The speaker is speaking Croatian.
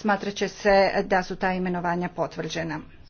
smatrat će se da su ta imenovanja potvrđena.